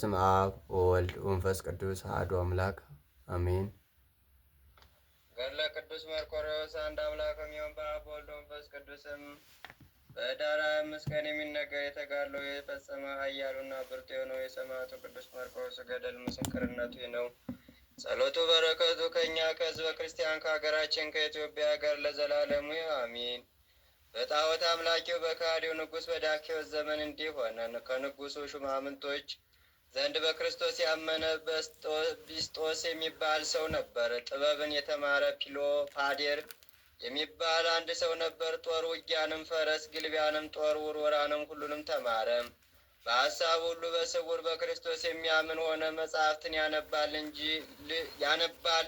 ስም አብ ወንፈስ ቅዱስ አሐዱ አምላክ አሜን። ገድለ ቅዱስ መርቆሬዎስ አንድ አምላክ የሚሆን በአብ ወልድ ወንፈስ ቅዱስም በኅዳር ሃያ አምስት ቀን የሚነገር የተጋድሎ የፈጸመ ኃያሉና ብርቱ የሆነው የሰማዕቱ ቅዱስ መርቆሬዎስ ገድል ምስክርነቱ ነው። ጸሎቱ በረከቱ ከእኛ ከሕዝበ ክርስቲያን ከሀገራችን ከኢትዮጵያ ጋር ለዘላለሙ አሚን። በጣዖት አምላኪው በካዲው ንጉሥ በዳኪዎስ ዘመን እንዲህ ሆነ። ከንጉሡ ሹማምንቶች ዘንድ በክርስቶስ ያመነ ቢስጦስ የሚባል ሰው ነበር። ጥበብን የተማረ ፓዴር የሚባል አንድ ሰው ነበር። ጦር ውጊያንም፣ ፈረስ ግልቢያንም፣ ጦር ውርወራንም ሁሉንም ተማረ። በሀሳብ ሁሉ በስውር በክርስቶስ የሚያምን ሆነ። መጽሐፍትን ያነባል እንጂ ያነባል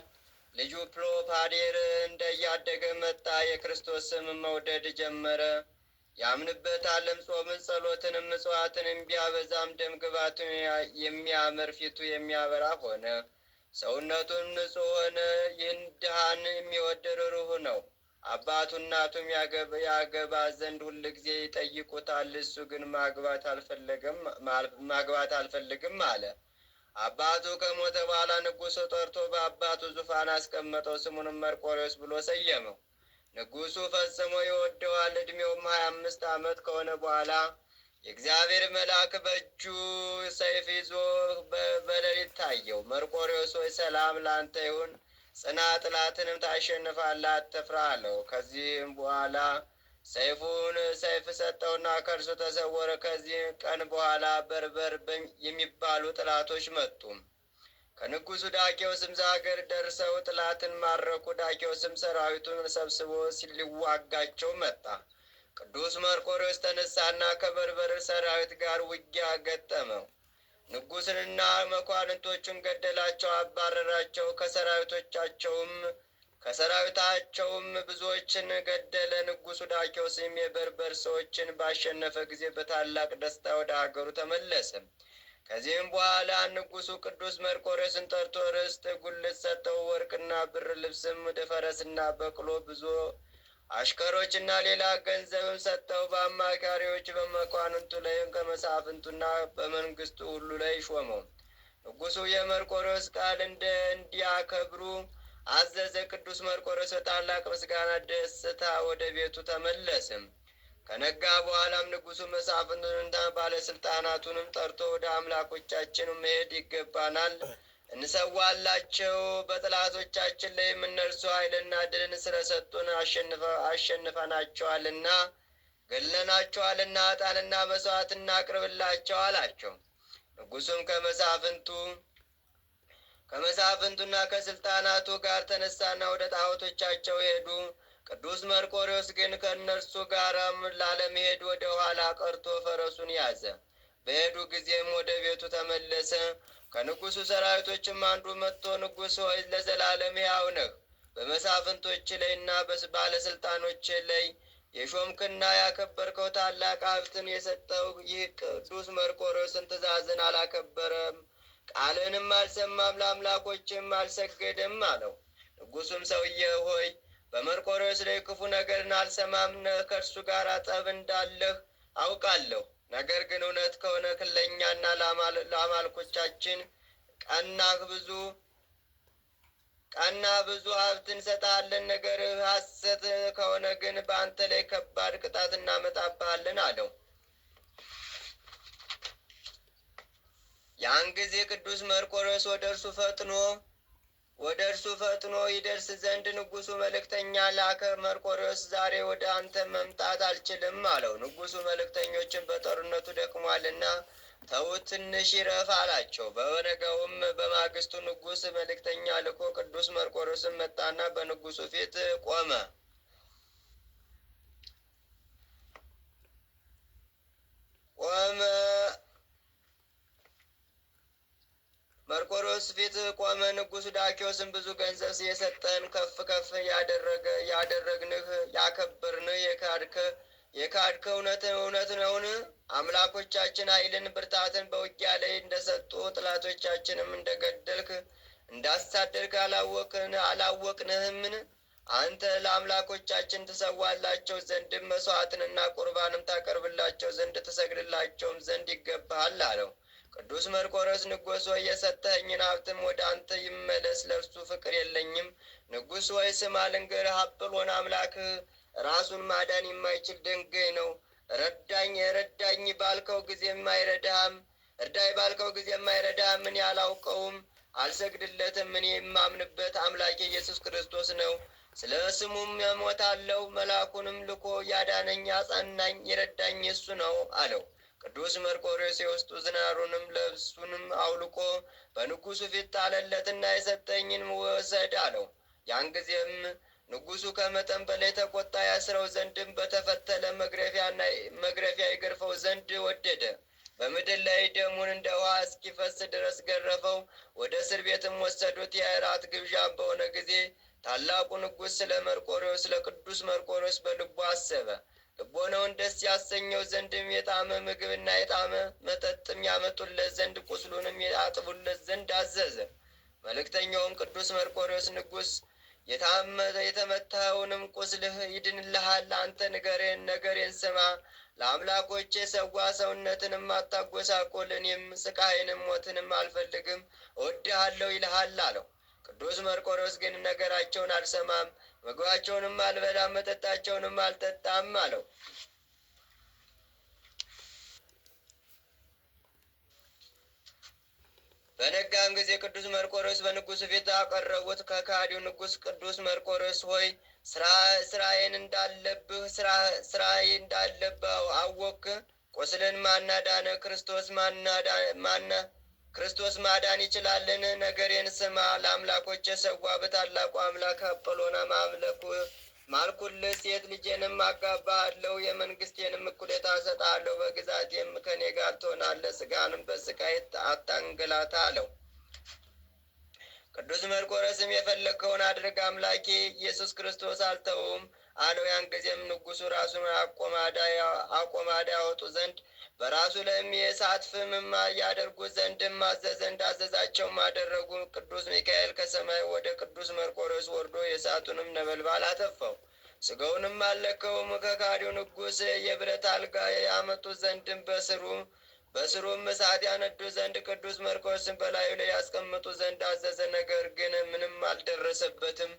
ልጁ ፕሎፓዴር እንደያደገ መጣ። የክርስቶስም መውደድ ጀመረ። ያምንበታል ጾምን፣ ጸሎትንም፣ ምጽዋትንም ቢያበዛም ደም ግባቱን የሚያምር ፊቱ የሚያበራ ሆነ፣ ሰውነቱን ንጹሕ ሆነ። ይህን ድሃን የሚወደድ ርኅሩህ ነው። አባቱ እናቱም ያገባ ዘንድ ሁል ጊዜ ይጠይቁታል። እሱ ግን ማግባት ማግባት አልፈልግም አለ። አባቱ ከሞተ በኋላ ንጉሱ ጠርቶ በአባቱ ዙፋን አስቀመጠው። ስሙንም መርቆሬዎስ ብሎ ሰየመው። ንጉሱ ፈጽሞ ይወደዋል። እድሜውም ሀያ አምስት ዓመት ከሆነ በኋላ የእግዚአብሔር መልአክ በእጁ ሰይፍ ይዞ በሌሊት ታየው። መርቆሬዎስ ሆይ ሰላም ላንተ ይሁን፣ ጽና፣ ጥላትንም ታሸንፋለህ፣ አትፍራ አለው። ከዚህም በኋላ ሰይፉን ሰይፍ ሰጠውና ከእርሱ ተሰወረ። ከዚህ ቀን በኋላ በርበር የሚባሉ ጥላቶች መጡ። ከንጉሱ ዳኬዎስም ዘአገር ደርሰው ጥላትን ማረኩ። ዳኬዎስም ሰራዊቱን ሰብስቦ ሲሊዋጋቸው መጣ። ቅዱስ መርቆሪዎስ ተነሳና ከበርበር ሰራዊት ጋር ውጊያ ገጠመው። ንጉስንና መኳንንቶቹን ገደላቸው፣ አባረራቸው። ከሰራዊቶቻቸውም ከሰራዊታቸውም ብዙዎችን ገደለ። ንጉሱ ዳኬዎስም የበርበር ሰዎችን ባሸነፈ ጊዜ በታላቅ ደስታ ወደ ሀገሩ ተመለሰ። ከዚህም በኋላ ንጉሱ ቅዱስ መርቆሬዎስን ጠርቶ ርስት ጉልት ሰጠው። ወርቅና ብር፣ ልብስም፣ ፈረስና በቅሎ፣ ብዙ አሽከሮችና ሌላ ገንዘብም ሰጠው። በአማካሪዎች በመኳንንቱ ላይም ከመሳፍንቱና በመንግስቱ ሁሉ ላይ ሾመው። ንጉሱ የመርቆሬዎስ ቃል እንደ እንዲያከብሩ አዘዘ። ቅዱስ መርቆሬዎስ በታላቅ ምስጋና ደስታ ወደ ቤቱ ተመለስም። ከነጋ በኋላም ንጉሱ መሳፍንቱንና ባለስልጣናቱንም ጠርቶ ወደ አምላኮቻችን መሄድ ይገባናል፣ እንሰዋላቸው፣ በጥላቶቻችን ላይም እነርሱ ኃይልና ድልን ስለሰጡን አሸንፈናቸዋልና ገለናቸዋልና ዕጣንና መስዋዕት እናቅርብላቸው አላቸው። ንጉሡም ከመሳፍንቱ ከመሳፍንቱና ከስልጣናቱ ጋር ተነሳና ወደ ጣዖቶቻቸው ሄዱ። ቅዱስ መርቆሪዎስ ግን ከእነርሱ ጋርም ላለመሄድ ወደ ኋላ ቀርቶ ፈረሱን ያዘ። በሄዱ ጊዜም ወደ ቤቱ ተመለሰ። ከንጉሡ ሰራዊቶችም አንዱ መጥቶ ንጉሥ ሆይ ለዘላለም ያው ነህ፣ በመሳፍንቶች ላይና ባለሥልጣኖች ላይ የሾምክና ያከበርከው ታላቅ ሀብትን የሰጠው ይህ ቅዱስ መርቆሬዎስን ትእዛዝን አላከበረም፣ ቃልንም አልሰማም፣ ለአምላኮችም አልሰገደም አለው። ንጉሱም ሰውዬ ሆይ በመርቆሬዎስ ላይ ክፉ ነገርን አልሰማም። ከእርሱ ጋር ጠብ እንዳለህ አውቃለሁ። ነገር ግን እውነት ከሆነ ክለኛና ለአማልኮቻችን ቀናህ ብዙ ቀና ብዙ ሀብት እንሰጣለን። ነገር ሐሰት ከሆነ ግን በአንተ ላይ ከባድ ቅጣት እናመጣብሃለን አለው። ያን ጊዜ ቅዱስ መርቆሬዎስ ወደ እርሱ ፈጥኖ ወደ እርሱ ፈጥኖ ይደርስ ዘንድ ንጉሱ መልእክተኛ ላከ። መርቆሪዎስ ዛሬ ወደ አንተ መምጣት አልችልም አለው። ንጉሱ መልእክተኞችን በጦርነቱ ደክሟልና ተዉት ትንሽ ይረፍ አላቸው። በነገውም በማግስቱ ንጉስ መልእክተኛ ልኮ ቅዱስ መርቆሪዎስን መጣና በንጉሱ ፊት ቆመ። ቆመ በንጉሥ ፊት ቆመ። ንጉስ ዳኪዎስን ብዙ ገንዘብ የሰጠን ከፍ ከፍ ያደረገ ያደረግንህ ያከበርንህ የካድክ የካድክ እውነት እውነት ነውን? አምላኮቻችን ኃይልን ብርታትን በውጊያ ላይ እንደሰጡ ጥላቶቻችንም እንደገደልክ እንዳሳደድክ አላወቅንህምን? አንተ ለአምላኮቻችን ትሰዋላቸው ዘንድም መስዋዕትንና ቁርባንም ታቀርብላቸው ዘንድ ትሰግድላቸውም ዘንድ ይገባሃል አለው። ቅዱስ መርቆሬዎስ ንጉሥ ሆይ የሰጠኸኝን ሀብትም ወደ አንተ ይመለስ፣ ለእርሱ ፍቅር የለኝም። ንጉሥ ወይ ስማ ልንገርህ፣ አጵሎን አምላክህ ራሱን ማዳን የማይችል ድንጋይ ነው። ረዳኝ ረዳኝ ባልከው ጊዜ የማይረዳህም እርዳይ ባልከው ጊዜ የማይረዳህም እኔ አላውቀውም፣ አልሰግድለትም። እኔ የማምንበት አምላኬ ኢየሱስ ክርስቶስ ነው። ስለ ስሙም እሞታለሁ። መልአኩንም ልኮ ያዳነኝ፣ አጸናኝ የረዳኝ እሱ ነው አለው። ቅዱስ መርቆሬዎስ የውስጡ ዝናሩንም ለብሱንም አውልቆ በንጉሱ ፊት ጣለለትና የሰጠኝን ውሰድ አለው። ያን ጊዜም ንጉሱ ከመጠን በላይ ተቆጣ። ያስረው ዘንድም በተፈተለ መግረፊያ ይገርፈው ዘንድ ወደደ። በምድር ላይ ደሙን እንደ ውሃ እስኪፈስ ድረስ ገረፈው። ወደ እስር ቤትም ወሰዱት። የእራት ግብዣም በሆነ ጊዜ ታላቁ ንጉሥ ስለ መርቆሬዎስ ስለ ቅዱስ መርቆሬዎስ በልቡ አሰበ። ልቦናውን ደስ ያሰኘው ዘንድም የጣመ ምግብና የጣመ መጠጥም ያመጡለት ዘንድ ቁስሉንም ያጥቡለት ዘንድ አዘዘ። መልእክተኛውም ቅዱስ መርቆሪዎስ ንጉሥ የታመተ የተመታውንም ቁስልህ ይድንልሃል፣ አንተ ንገሬን ነገሬን ስማ፣ ለአምላኮቼ ሰዋ፣ ሰውነትንም አታጎሳቆል፣ እኔም ስቃይንም ሞትንም አልፈልግም፣ እወድሃለሁ ይልሃል አለው። ቅዱስ መርቆሪዎስ ግን ነገራቸውን አልሰማም። ምግባቸውንም አልበላም፣ መጠጣቸውንም አልጠጣም አለው። በነጋም ጊዜ ቅዱስ መርቆሬዎስ በንጉሥ ፊት አቀረቡት። ከካዲው ንጉሥ ቅዱስ መርቆሬዎስ ሆይ ስራዬን እንዳለብህ ስራዬ እንዳለብህ አወክ። ቁስልን ማናዳነ ክርስቶስ ማናዳ ክርስቶስ ማዳን ይችላልን? ነገሬን ስማ። ለአምላኮች የሰዋ በታላቁ አምላክ አጵሎና ማምለኩ ማልኩል ሴት ልጄንም አጋባሃለሁ፣ የመንግስቴንም እኩሌታ እሰጥሃለሁ፣ በግዛቴም ከኔ ጋር ትሆናለህ፣ ስጋንም በስቃይ አታንግላታ አለው። ቅዱስ መርቆረስም የፈለግከውን አድርግ፣ አምላኬ ኢየሱስ ክርስቶስ አልተውም አለው። ያን ጊዜም ንጉሱ ራሱን አቆማዳ ያወጡ ዘንድ በራሱ ላይም የእሳት ፍምማ ያደርጉ ዘንድም አዘዘ። እንዳዘዛቸውም አደረጉ። ቅዱስ ሚካኤል ከሰማይ ወደ ቅዱስ መርቆሬዎስ ወርዶ የእሳቱንም ነበልባል አጠፋው። ስጋውንም አለከውም። ከካዲው ንጉሥ የብረት አልጋ ያመጡ ዘንድም በስሩ በስሩም እሳት ያነዱ ዘንድ ቅዱስ መርቆሬዎስን በላዩ ላይ ያስቀምጡ ዘንድ አዘዘ። ነገር ግን ምንም አልደረሰበትም።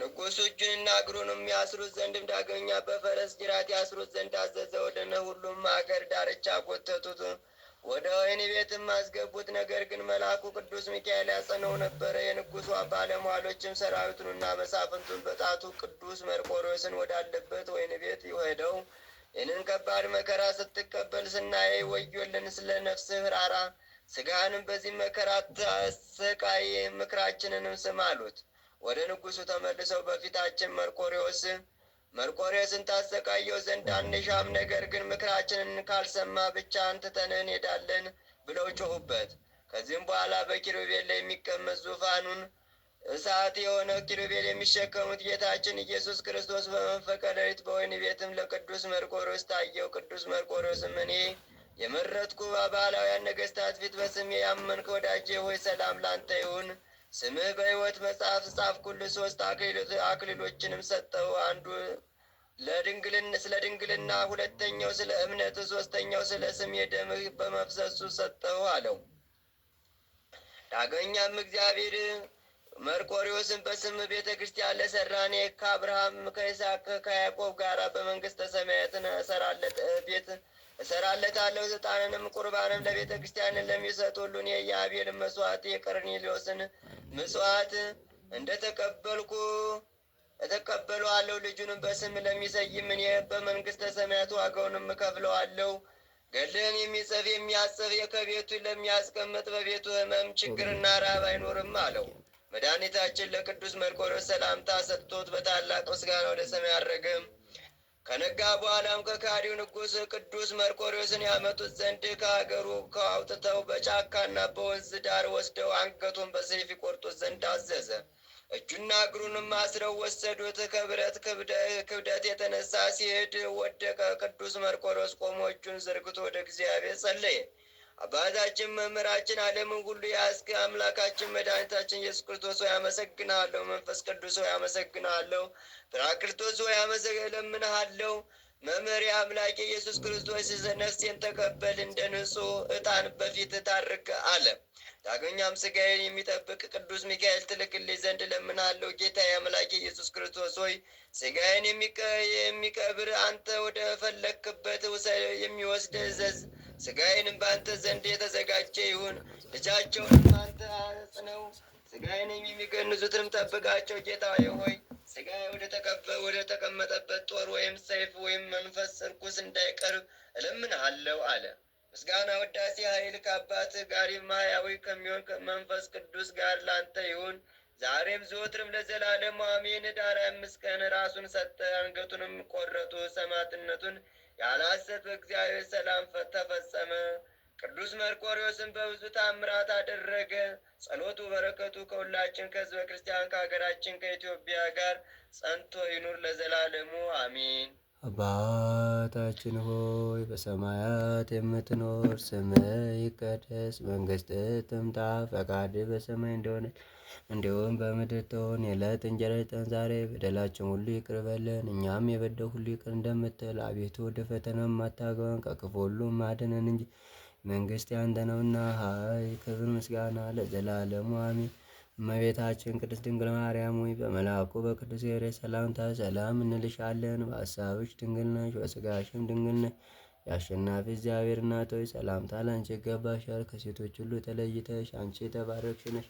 ንጉሱ እጁንና እግሩንም ያስሩት ዘንድም ዳግመኛ በፈረስ ጅራት ያስሩት ዘንድ አዘዘ። ወደ ሁሉም አገር ዳርቻ ጎተቱት፣ ወደ ወህኒ ቤትም አስገቡት። ነገር ግን መልአኩ ቅዱስ ሚካኤል ያጸነው ነበረ። የንጉሡ ባለሟሎችም ሰራዊቱንና መሳፍንቱን በጣቱ ቅዱስ መርቆሬዎስን ወዳለበት ወህኒ ቤት ይሄደው ይህንን ከባድ መከራ ስትቀበል ስናየ ወዮልን፣ ስለ ነፍስህ ራራ፣ ስጋህንም በዚህ መከራ ሰቃይ ምክራችንንም ስም አሉት። ወደ ንጉሱ ተመልሰው በፊታችን መርቆሪዎስ መርቆሪዎስን ታሰቃየው ዘንድ አንሻም፣ ነገር ግን ምክራችንን ካልሰማ ብቻ አንትተን እንሄዳለን ብለው ጮሁበት ከዚህም በኋላ በኪሩቤል ላይ የሚቀመጥ ዙፋኑን እሳት የሆነ ኪሩቤል የሚሸከሙት ጌታችን ኢየሱስ ክርስቶስ በመንፈቀ ሌሊት ቤትም ለቅዱስ መርቆሪዎስ ታየው። ቅዱስ መርቆሪዎስ እኔ የመረጥኩ በባህላውያን ነገስታት ፊት በስሜ ያመንክ ወዳጄ ሆይ ሰላም ላንተ ይሁን ስምህ በሕይወት መጽሐፍ ጻፍኩልህ። ሶስት አክሊሎችንም ሰጠው። አንዱ ስለ ድንግልና፣ ሁለተኛው ስለ እምነት፣ ሶስተኛው ስለ ስሜ ደምህ በመፍሰሱ ሰጠው አለው። ዳገኛም እግዚአብሔር መርቆሪዎስን በስም ቤተ ክርስቲያን ለሰራኔ ከአብርሃም ከይስሐቅ ከያዕቆብ ጋር በመንግስተ ሰማያትን እሰራለት ቤት እሰራለታለሁ ዕጣንንም ቁርባንም ለቤተ ክርስቲያን ለሚሰጥ ሁሉን የአቤል መስዋዕት የቀርኔሌዎስን ምጽዋት እንደ ተቀበልኩ እተቀበለዋለሁ። ልጁንም በስም ለሚሰይም እኔ በመንግሥተ ሰማያት ዋጋውንም እከፍለዋለሁ። ገለን የሚጽፍ የሚያጽፍ ከቤቱ ለሚያስቀምጥ በቤቱ ሕመም ችግርና ራብ አይኖርም አለው። መድኃኒታችን ለቅዱስ መርቆሬዎስ ሰላምታ ሰጥቶት በታላቅ ምስጋና ወደ ሰማይ አረገም። ከነጋ በኋላም ከካዲው ንጉሥ ቅዱስ መርቆሪዎስን ያመጡት ዘንድ ከአገሩ አውጥተው በጫካና በወንዝ ዳር ወስደው አንገቱን በሰይፍ ይቆርጡት ዘንድ አዘዘ። እጁና እግሩንም አስረው ወሰዱት። ከብረት ክብደት የተነሳ ሲሄድ ወደቀ። ቅዱስ መርቆሪዎስ ቆሞ እጁን ዘርግቶ ወደ እግዚአብሔር ጸለየ። አባታችን መምህራችን ዓለምን ሁሉ የአስክ አምላካችን መድኃኒታችን ኢየሱስ ክርስቶስ ሆይ አመሰግናለሁ። መንፈስ ቅዱስ ሆይ አመሰግናለሁ። ጰራቅሊጦስ ሆይ እለምንሃለሁ። መምህር አምላኬ ኢየሱስ ክርስቶስ ነፍሴን ተቀበል፣ እንደ ንጹ ዕጣን በፊት ታርክ አለ። ዳግመኛም ሥጋዬን የሚጠብቅ ቅዱስ ሚካኤል ትልክልኝ ዘንድ ለምናለው ጌታ አምላኬ ኢየሱስ ክርስቶስ ሆይ ሥጋዬን የሚቀብር አንተ ወደ ፈለክበት የሚወስድ እዘዝ ስጋዬንም በአንተ ዘንድ የተዘጋጀ ይሁን። ልጃቸውንም አንተ አጽነው፣ ስጋዬንም የሚገንዙትንም ጠብቃቸው። ጌታ ሆይ ስጋዬ ወደ ተቀመጠበት ጦር ወይም ሰይፍ ወይም መንፈስ እርኩስ እንዳይቀርብ እለምንሃለሁ አለ። ምስጋና፣ ወዳሴ፣ ኃይል ከአባትህ ጋር ማያዊ ከሚሆን መንፈስ ቅዱስ ጋር ላንተ ይሁን ዛሬም ዘወትርም ለዘላለሙ አሜን። ዳራ አምስት ቀን ራሱን ሰጠ፣ አንገቱንም ቆረጡ፣ ሰማዕትነቱን ያላሰት እግዚአብሔር ሰላም ተፈጸመ። ቅዱስ መርቆሪዎስን በብዙ ታምራት አደረገ። ጸሎቱ በረከቱ ከሁላችን ከህዝበ ክርስቲያን ከሀገራችን ከኢትዮጵያ ጋር ጸንቶ ይኑር ለዘላለሙ አሚን። አባታችን ሆይ በሰማያት የምትኖር ስምህ ይቀደስ፣ መንግስት ትምጣ፣ ፈቃድ በሰማይ እንደሆነች እንዲሁም በምድር ትሆን የዕለት እንጀራችንን ዛሬ በደላችን ሁሉ ይቅር በለን እኛም የበደ ሁሉ ይቅር እንደምትል አቤቱ ወደ ፈተና አታግባን ከክፉ ሁሉ ማድነን እንጂ መንግስት ያንተ ነውና ኃይል፣ ክብር፣ ምስጋና ለዘላለሙ አሜን። እመቤታችን ቅድስት ድንግል ማርያም ሆይ በመልአኩ በቅዱስ ገብርኤል ሰላምታ ሰላም እንልሻለን። በሀሳብሽ ድንግል ነሽ፣ በስጋሽም ድንግል ነሽ። የአሸናፊ እግዚአብሔር እናት ሆይ ሰላምታ ላንቺ ይገባሻል። ከሴቶች ሁሉ ተለይተሽ አንቺ የተባረክሽ ነሽ።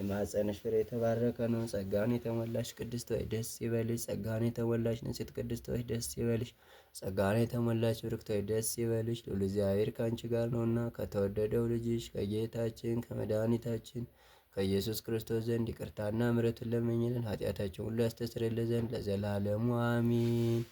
የማኅፀንሽ ፍሬ የተባረከ ነው። ጸጋን የተሞላሽ ቅድስት ሆይ ደስ ይበልሽ። ጸጋን የተሞላሽ ንጽሕት ቅድስት ሆይ ደስ ይበልሽ። ጸጋን የተሞላሽ ብርክት ሆይ ደስ ይበልሽ። ልዑል እግዚአብሔር ከአንቺ ጋር ነውና ከተወደደው ልጅሽ ከጌታችን ከመድኃኒታችን ከኢየሱስ ክርስቶስ ዘንድ ይቅርታና ምሕረትን ለምኝልን ኃጢአታችን ሁሉ ያስተሰርይልን ዘንድ ለዘላለሙ አሚን።